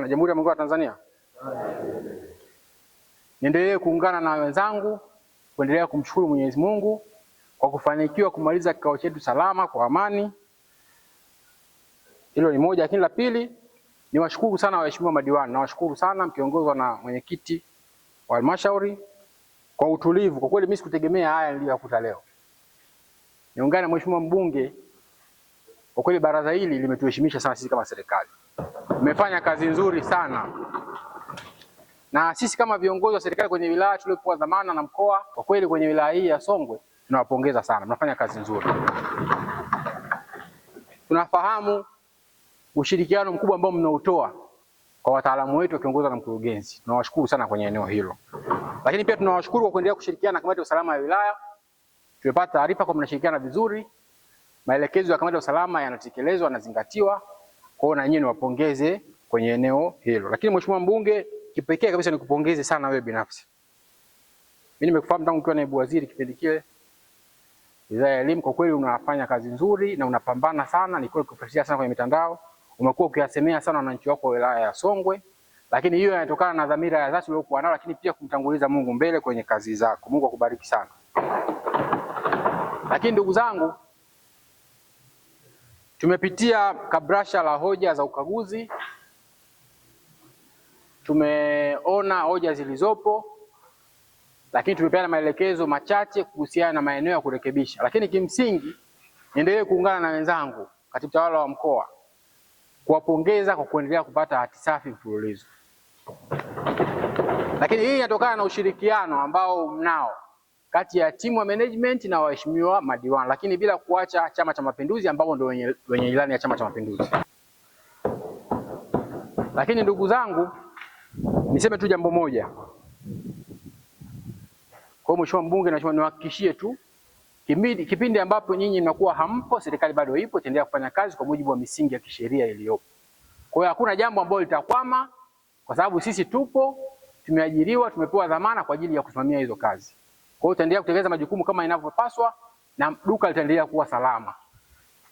na Jamhuri ya Muungano wa Tanzania. Niendelee kuungana na wenzangu kuendelea kumshukuru Mwenyezi Mungu kwa kufanikiwa kumaliza kikao chetu salama kwa amani. Hilo ni moja, lakini la pili niwashukuru sana waheshimiwa madiwani, nawashukuru sana mkiongozwa na mwenyekiti wa halmashauri kwa utulivu. Kwa kweli mimi sikutegemea haya niliyokuta leo. Niungane na mheshimiwa mbunge kwa kweli baraza hili limetuheshimisha sana sisi kama serikali, mmefanya kazi nzuri sana na sisi kama viongozi wa serikali kwenye wilaya tuliopewa dhamana na mkoa, kwa kweli kwenye wilaya hii ya Songwe tunawapongeza sana, mnafanya kazi nzuri. Tunafahamu ushirikiano mkubwa ambao mnautoa kwa wataalamu wetu wakiongozwa na mkurugenzi, tunawashukuru sana kwenye eneo hilo, lakini pia tunawashukuru kwa kuendelea kushirikiana na kamati ya usalama ya wilaya. Tumepata taarifa kwa mnashirikiana vizuri maelekezo ya kamati ya usalama yanatekelezwa, yanazingatiwa. Kwa hiyo na nyinyi niwapongeze kwenye eneo hilo. Lakini mheshimiwa mbunge, kipekee kabisa nikupongeze sana wewe binafsi. Mimi nimekufahamu tangu ukiwa naibu waziri kipindi kile Wizara ya Elimu. Kwa kweli unafanya kazi nzuri na unapambana sana, nilikuwa nikufuatilia sana kwenye mitandao. Umekuwa ukiyasemea sana wananchi wako wa wilaya ya Songwe, lakini hiyo inatokana na dhamira ya dhati uliyokuwa nayo, lakini pia kumtanguliza Mungu mbele kwenye kazi zako. Mungu akubariki sana. Lakini ndugu zangu Tumepitia kabrasha la hoja za ukaguzi, tumeona hoja zilizopo, lakini tumepeana maelekezo machache kuhusiana na maeneo ya kurekebisha. Lakini kimsingi, niendelee kuungana na wenzangu katibu tawala wa mkoa kuwapongeza kwa kuendelea kupata hati safi mfululizo, lakini hii inatokana na ushirikiano ambao mnao kati ya timu ya management na waheshimiwa madiwani, lakini bila kuacha Chama cha Mapinduzi ambao ndio wenye, wenye ilani ya Chama cha Mapinduzi. Lakini ndugu zangu, niseme tu jambo moja kwa mheshimiwa mbunge na niwahakikishie tu kipindi, kipindi ambapo nyinyi mnakuwa hampo, serikali bado ipo, itaendelea kufanya kazi kwa mujibu wa misingi ya kisheria iliyopo. Kwa hiyo hakuna jambo ambalo litakwama, kwa sababu sisi tupo, tumeajiriwa, tumepewa dhamana kwa ajili ya kusimamia hizo kazi. Kwa hiyo utaendelea kutekeleza majukumu kama inavyopaswa na duka litaendelea kuwa salama.